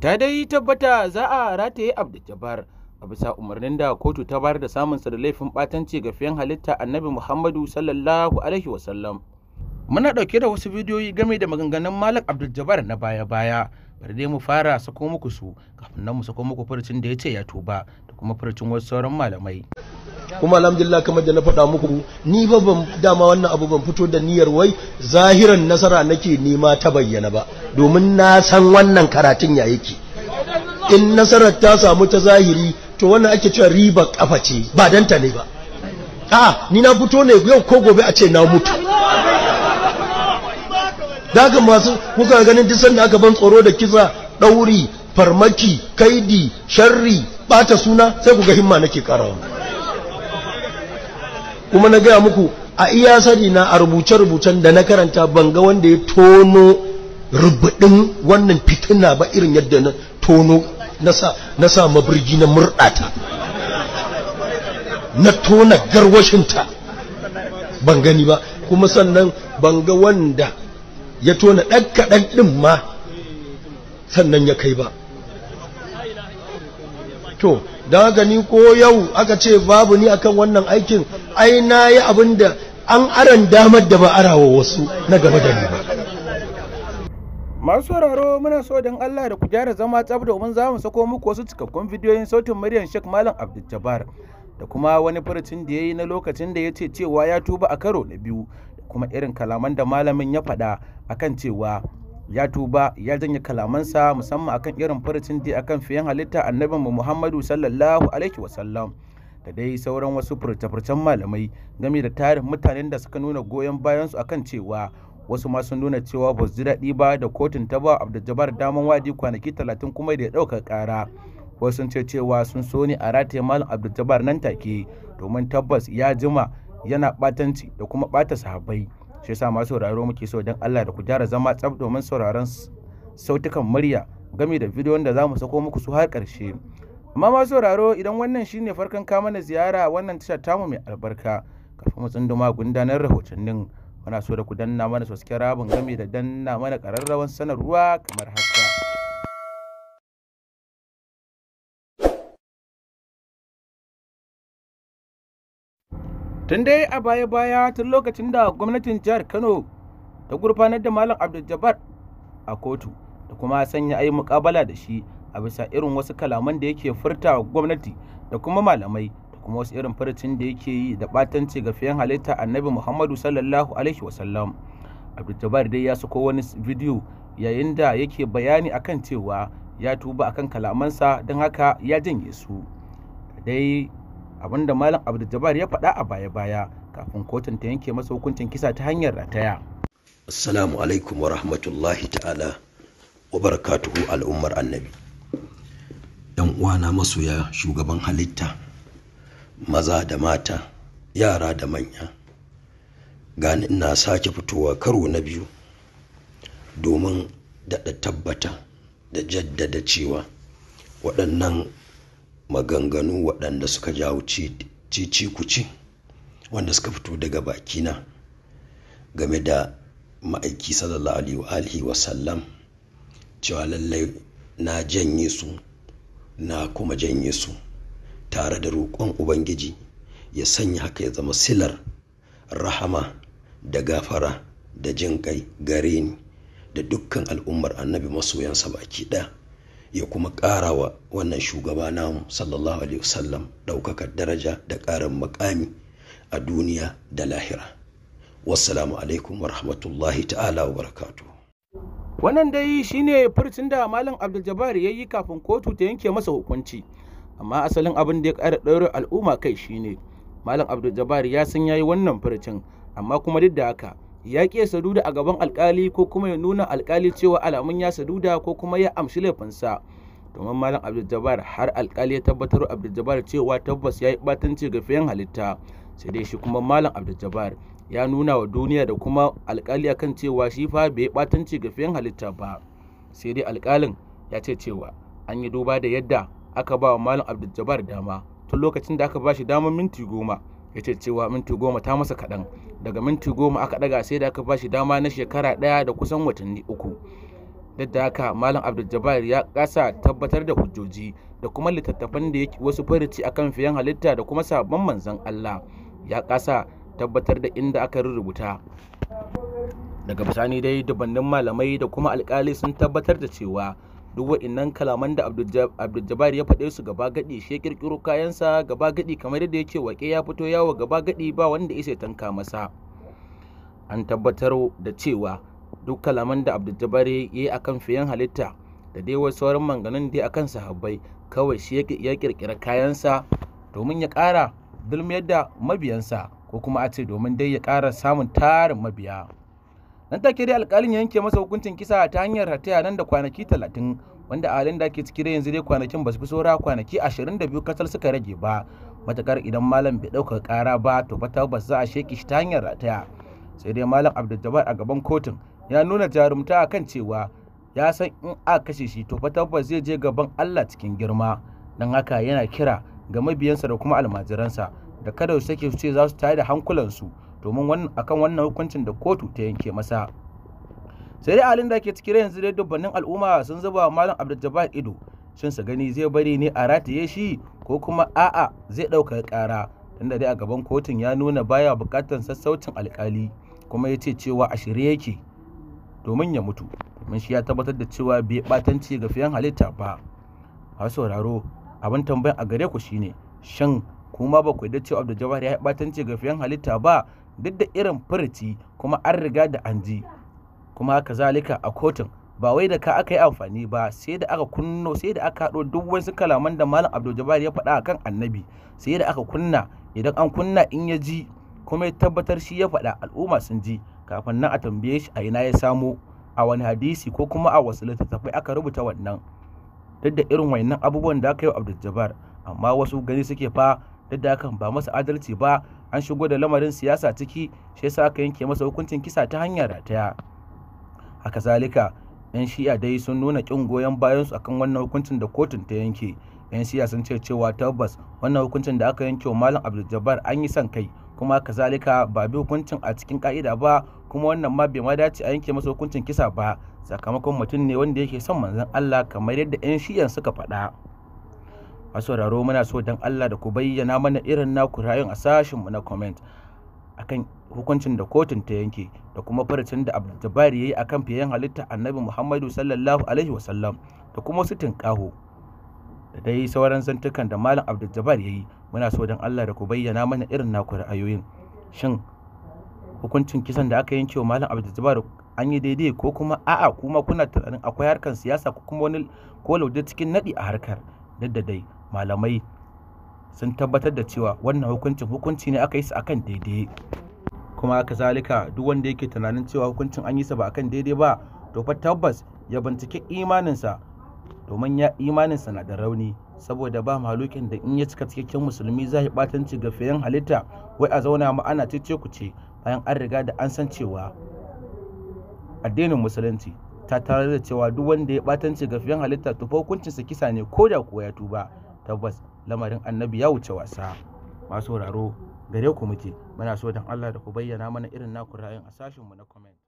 ta dai tabbata za a rataye jabar a bisa umarnin da kotu ta bayar da samunsa da laifin ɓatanci ga fiyan halitta annabi muhammadu sallallahu alaihi wasallam muna ɗauke da wasu bidiyoyi game da maganganun malam abdul na baya-baya bari dai mu fara sako muku su kafin nan mu sako muku furcin da ya ce ya tuba da kuma furcin wasu sauran malamai kuma alhamdulillah kamar da na faɗa muku ni ba ban dama wannan abu ban fito da niyyar wai zahiran nasara nake nema ta bayyana ba domin na san wannan karatun ya yake in nasarar ta samu ta zahiri to wannan ake cewa riba kafa ce ba danta ne ba a ni na fito ne yau ko gobe a ce na mutu daga masu kuka ganin duk sanda aka ban tsoro da kisa ɗauri farmaki kaidi sharri bata suna sai ku ga himma nake karawa kuma na gaya muku a iya sani na a rubuce-rubucen da na karanta banga wanda ya tono rubuɗin wannan fitina ba irin yadda na tono na sa mabirgi na murɗata na tona garwashinta ban gani ba kuma sannan banga wanda ya tona ɗan kaɗan ɗin ma sannan ya kai ba to don haka ni ko yau aka ce babu ni akan wannan aikin ai na yi abin da an aran damar da ba arawa wasu na gaba da ni ba masu sauraro muna so don Allah da ku gyara zama tsab domin za mu sako muku wasu cikakkun bidiyoyin sautin maryam Sheikh Malam Abdul da kuma wani furucin da ya yi na lokacin da ya ce cewa ya tuba a karo na biyu da kuma irin kalaman da malamin ya faɗa akan cewa ya tuba ya janye kalamansa musamman akan irin furucin da akan fiyan halitta annabin mu Muhammadu sallallahu alaihi wasallam da dai sauran wasu furce malamai game da tarin mutanen da suka nuna goyon bayan su akan cewa wasu ma sun nuna cewa ba su ji daɗi ba da kotun ta ba Abdul daman wadi kwanaki talatin kuma da ya ɗaukar ƙara wasu sun ce cewa sun so ne a rataye malam Abdul nan take domin tabbas ya jima yana batanci da kuma bata sahabbai shi yasa masu sauraro muke so don Allah da ku gyara zama tsaf domin sauraron sautukan murya game da bidiyon da zamu sako muku su har ƙarshe amma masu sauraro idan wannan shine farkon kama na ziyara wannan tashar tamu mai albarka kafin mu tsunduma gundanar rahotannin muna so da ku danna mana subscribe game da danna mana ƙararrawan sanarwa kamar haka tun dai a baya-baya tun lokacin da gwamnatin jihar kano ta gurfanar da malam abdul a kotu da kuma sanya ayi mukabala da shi a bisa irin wasu kalaman da yake furta gwamnati da kuma malamai da kuma wasu irin furcin da yake yi da batanci ga fiyan halitta annabi muhammadu sallallahu alaihi wasallam abdul dai ya sako wani bidiyo yayin da yake bayani akan cewa ya tuba akan kalamansa don haka ya janye su dai abinda malam abdul ya faɗa a baya-baya kafin kotun ta yanke masa hukuncin kisa ta hanyar rataya assalamu alaikum wa rahmatullahi ta'ala wa barakatuhu al'ummar annabi yan uwana masoya shugaban halitta maza da mata yara da manya gani ina sake fitowa karo na biyu domin daɗa tabbata da jaddada cewa waɗannan maganganu waɗanda suka jawo cici-kuci wanda suka fito daga bakina game da ma'aiki sallallahu alaihi wa sallam cewa lallai na janye su na kuma janye su tare da roƙon ubangiji ya sanya haka ya zama silar rahama da gafara da jin kai gare ni da dukkan al'ummar annabi masoyansa baki ɗaya ya kuma ƙara wa wannan shugaba namu sallallahu alaihi wasallam ɗaukakar daraja da ƙarin makami a duniya da lahira wassalamu alaikum wa rahmatullahi ta'ala wa barakatu wannan dai shine furcin da malam abdul ya yi kafin kotu ta yanke masa hukunci amma asalin abin da ya ƙara ɗaurin al'umma kai shine malam abdul ya san yayi wannan furcin amma kuma duk da haka ya ƙi saduda a gaban alkali ko kuma ya nuna alkali cewa alamun ya saduda ko kuma ya amshi laifinsa domin malam abdul har alkali ya tabbatar abdul cewa tabbas ya yi batanci ga fiyan halitta sai dai shi kuma malam abdul ya nuna wa duniya da kuma alkali akan cewa shi fa bai yi batanci ga fiyan halitta ba sai dai alkalin ya ce cewa an yi duba da yadda aka ba wa malam abdul dama tun lokacin da aka ba shi damar minti goma ya ce cewa minti goma ta masa kaɗan daga minti goma aka ɗaga sai da aka ba shi dama na shekara ɗaya da kusan watanni uku duk da haka malam abdul ya kasa tabbatar da hujjoji da kuma littattafan da yake wasu farici akan fiyan halitta da kuma sabon manzon allah ya kasa tabbatar da inda aka rubuta daga bisani dai dubannin malamai da kuma alkali sun tabbatar da cewa duk waɗannan kalaman da abdul ya faɗe su gaba gadi shi ya kirkiro kayansa gaba gadi kamar yadda ya ce wake ya fito yawo gaba gadi ba wanda ya tanka masa an tabbatar da cewa duk kalaman da abdul ya yi akan fiyan halitta da dai wasu sauran manganun da akan sahabbai kawai shi ya kirkira kayansa domin ya ƙara dulmiyar da mabiyansa ko kuma a ce domin dai ya ƙara samun tarin mabiya nan take dai alkalin ya yanke masa hukuncin kisa ta hanyar hataya nan da kwanaki talatin wanda a halin da ake ciki da yanzu dai kwanakin ba su fi saura kwanaki ashirin da biyu kasar suka rage ba matakar idan malam bai ɗauka ƙara ba to ba za a sheki shi ta hanyar rataya sai dai malam abdul a gaban kotun ya nuna jarumta akan cewa ya san in a kashe shi to fata tabbas zai je gaban Allah cikin girma don haka yana kira ga mabiyansa da kuma almajiransa da kada su take su ce za su tare da hankulansu domin akan wannan hukuncin da kotu ta yanke masa sai dai halin da ke cikin yanzu dai dubbanin al'umma sun zuba malam abdul ido sun su gani zai bari ne a rataye shi ko kuma a'a zai ɗaukar ƙara tunda dai a gaban kotun ya nuna baya buƙatar sassaucin alƙali kuma ya ce cewa a shirye yake domin ya mutu domin shi ya tabbatar da cewa bai ɓatanci ga fiyan halitta ba a sauraro abin tambayan a gare ku shine shin kuma ba ku da cewa abdul jabbar ya yi ɓatanci ga fiyan halitta ba duk da irin furuci kuma an riga da an ji kuma kazalika a kotun ba wai da ka aka yi amfani ba sai da aka kunno sai da aka haɗo duk wasu kalaman da malam abdul ya faɗa akan annabi sai da aka kunna idan an kunna in ya ji kuma ya tabbatar shi ya faɗa al'umma sun ji kafin nan a tambaye shi a ina ya samo a wani hadisi ko kuma a wasu littattafai aka rubuta wannan duk da irin wannan abubuwan da aka yi wa abdul amma wasu gani suke fa duk da hakan ba masa adalci ba an shigo da lamarin siyasa ciki shi yasa aka yanke masa hukuncin kisa ta hanyar rataya haka zalika yan shi'a dai sun nuna kin goyon su akan wannan hukuncin da kotun ta yanke yan shi'a sun ce cewa tabbas wannan hukuncin da aka yanke wa malam abdul an yi son kai kuma kazalika ba bi hukuncin a cikin ka'ida ba kuma wannan ma bai ma dace a yanke masa hukuncin kisa ba sakamakon mutum ne wanda yake son manzon Allah kamar yadda 'yan shi'an suka faɗa. a sauraro muna so don Allah da ku bayyana mana irin naku rayun a sashen mu na comment akan hukuncin da kotun ta yanke da kuma farcin da Abdul yayi akan fiyen halitta Annabi Muhammadu sallallahu alaihi wasallam da kuma su tinkaho da dai sauran zantukan da Malam Abdul yayi muna so don Allah da ku bayyana mana irin naku ra'ayoyin shin hukuncin kisan da aka yanke wa Malam Abdul an yi daidai ko kuma a'a kuma kuna tunanin akwai harkar siyasa ko kuma wani ko lauje cikin nadi a harkar duk da dai malamai sun tabbatar da cewa wannan hukuncin hukunci ne aka yi sa akan daidai kuma kazalika duk wanda yake tunanin cewa hukuncin an yi sa ba akan daidai ba to fa tabbas ya bincike imaninsa domin ya imaninsa na da rauni saboda ba malukin da in ya cika cikakken musulmi za yi batanci ga fiyan halitta wai a zauna ma ana cece ku ce bayan an riga da an san cewa addinin musulunci ta tare da cewa duk wanda ya batanci ga fiyan halitta to fa hukuncinsa kisa ne ko da kuwa ya tuba tabbas lamarin annabi ya wuce wasa masu wuraro, gare ku muke muna so don Allah da ku bayyana mana irin naku ra'ayin a sashinmu na comment